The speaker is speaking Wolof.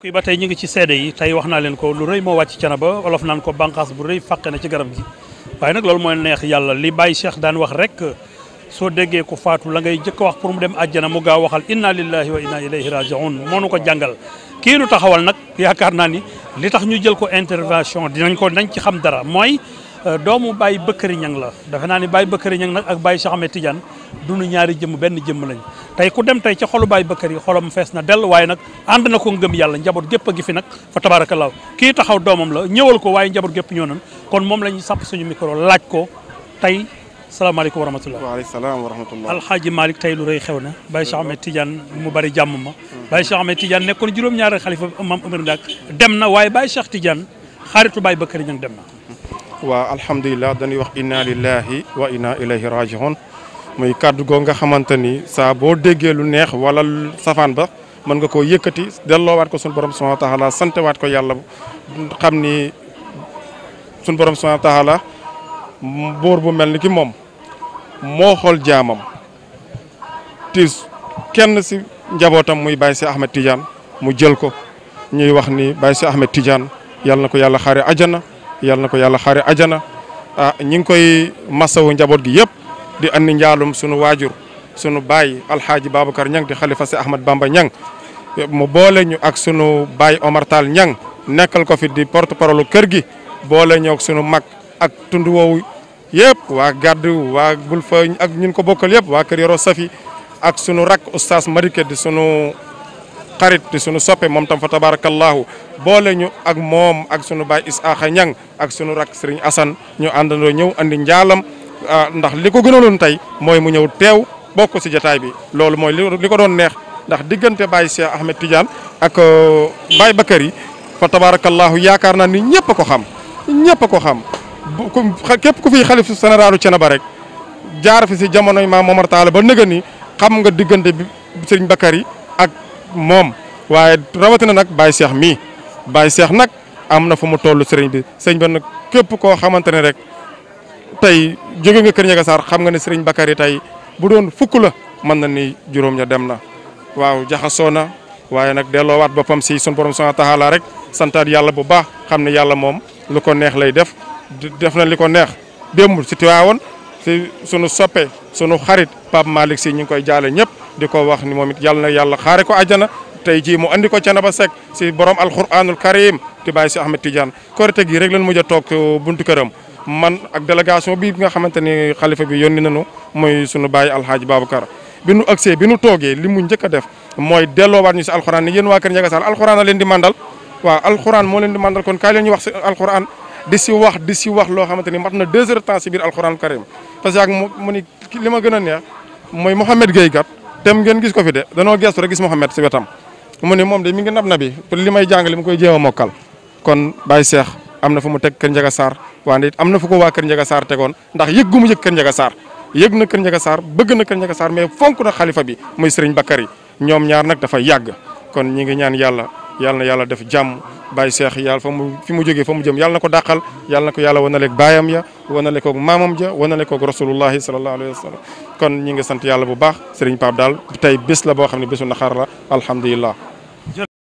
kuy ba tey ñu ngi ci seede yi tey wax na leen ko lu rëy moo wàcc Thiénaba olof naan ko bànqaas bu rëy fàqe na ci garab gi waaye nag loolu mooy neex yàlla li Baye Cheikh daan wax rek soo déggee ko faatu la ngay jëkk wax pour mu dem àjjana mu gaaw waxal inna lillahi wa inna ilayhi rajiun moo nu ko jàngal kii nu taxawal nag yaakaar naa ni li tax ñu jël ko intervention dinañ ko nañ ci xam dara mooy Euh, doomu Baye Bëkkëri Ñang la defe naa ni Baye Bëkkëri Ñang nag ak Baye Cheikh Ahmed Tidiane dunu ñaari jëmm benn jëmm lañ tey ku dem tey ci xolu Baye Bëkkëri xolam fees na dell waaye nag ànd na ko ngëm yàlla njaboot gépp a gi fi nag fa tabaarakallaa kii taxaw doomam la ñëwal ko waaye njaboot gépp ñoo nan kon moom la ñu sàpp suñu micro laaj ko tey salaamaaleykum wa rahmatulah. waaleykum salaam wa rahmatulah. alxaaji Malick tey lu rëy xew na. Baye Cheikh Ahmed Tidiane mu bari jàmm ma. Mm. Baye Cheikh Ahmed Tidiane nekkoon juróom-ñaari xalifa Maam Omar Ndak dem na waaye Baye Cheikh Tidiane xaaritu Baye Bëkkëri Ñang dem na waa alhamdulillah dañuy wax inna lillahi wa inna ilayhi rajiun muy kàddu goo nga xamante ni saa boo déggee lu neex wala safaan ba mën nga koo yëkkati delloo waat ko suñu borom subhanahu wa sante waat ko yàlla xam ni suñu borom subhanahu wa taala bóor bu mel ni ki moom moo xool jaamam tis kenn si njabootam muy Baye si Ahmed Tidiane mu jël ko ñuy wax ni Baye si Ahmed Tidiane yàlla na ko yàlla xaare ajana yal na ko yàlla xare ajana ah ñi ngi koy masawu njaboot gi yëpp di andi njaalum sunu waajur sunu baay alxaaji Babacar Niang di xalifa si Ahmad Bamba Niang mu boole ñu ak sunu baay Omar Tall nekkal ko fi di porte parole kër gi boole ñoo ak sunu mag ak tund woowu yëpp waa gàdd waa bul fa ak ñun ko bokkal yëpp waa kër Yoro Safi ak sunu rak oustaz Marike di sunu xarit di sunu soppe moom tam fa tabaarakallaahu boole ñu ak moom ak sunu baay Isaaxa Ñang ak sunu rak Sëriñ Asan ñu àndandoo ñëw andi njaalam ah, ndax li ko gënaloon tey mooy mu ñëw teew bokk si jataay bi loolu mooy li ko doon neex ndax diggante Baye Cheikh Ahmed Tidiane ak euh, Baye Bakary fa tabaarakallaahu yaakaar naa ni ñëpp a ko xam ñëpp a ko xam képp ku fi xalifu sénéralu Thiénaba rek jaar fi si jamonoy ma Momar Talla ba nëgën ni xam nga diggante bi Sëriñ Bakary ak moom waaye rawatina nag Baye Cheikh mii baay Cheikh nag am na fu mu toll sëriñ bi sëñ bi nag képp koo xamante ne rek tey jóge nga Kër Ndiaga Sarr xam nga ne sëriñ Bakary tey bu doon fukk la mën na ni juróom ña dem na. waaw jaxasoo na waaye nag delloowaat boppam si sun borom subhanahu wa taala rek santaat yàlla bu baax xam ne yàlla moom lu ko neex lay def def na li ko neex démb si Tiwaawoon si sunu soppe sunu xarit Pape Malick si ñu ngi koy jaale ñëpp. di ko wax ni moom it yàlla na yàlla xaare ko àjjana tey jii mu andi ko Thiénaba Seck si borom alquranul karim di bàyyi si Ahmed Tidiane korite gi rek lañ mujj a toog uh, buntu këram man ak délégation bi nga xamante ni xalifa bi yónni nañu mooy sunu bàyyi alhaaji Babacar bi nu agsee bi nu toogee li mu njëkk def mooy delloo delloowaat ñu si alxuraan ni yéen waa Kër Ndiaga Sall a leen di mandal waaw alxuraan moo leen di mandal kon kaay ñu wax si alxuraan di si wax di si wax loo xamante ni mat na deux heures temps si biir alxuraan karim parce que mu ni li ma gën a neex mooy Mouhamed Gueye gat tem ngeen gis ko fi de danoo gestu rek gis Mouhamed si wetam mu ne moom de mi ngi nab nabi li may jàngale mu koy jéem a kon Baye Cheikh am na fu mu teg Kër Ndiaga saar waaye it am na fu ko waa Kër Ndiaga Sarr tegoon ndax yëg gu mu yëg Kër Ndiaga Sarr yëg na Kër Ndiaga Sarr bëgg na Kër Ndiaga Sarr mais fonk na xalifa bi muy Serigne Bakary ñoom ñaar nag dafa yàgg kon ñi ngi ñaan yàlla yàlla na yàlla def jàmm baay seex yàlla fa mu fi mu jógee fa mu jëm yàlla na ko dàqal yàlla na ko yàlla wanaleeg baayam ya wanale koog maamam ja wanale koog rasulullahi sallallahu alayhi wa sallam kon ñi ngi sant yàlla bu baax sëriñ Pape daal tey bés la boo xam ne bésu naxaar la alhamdulilah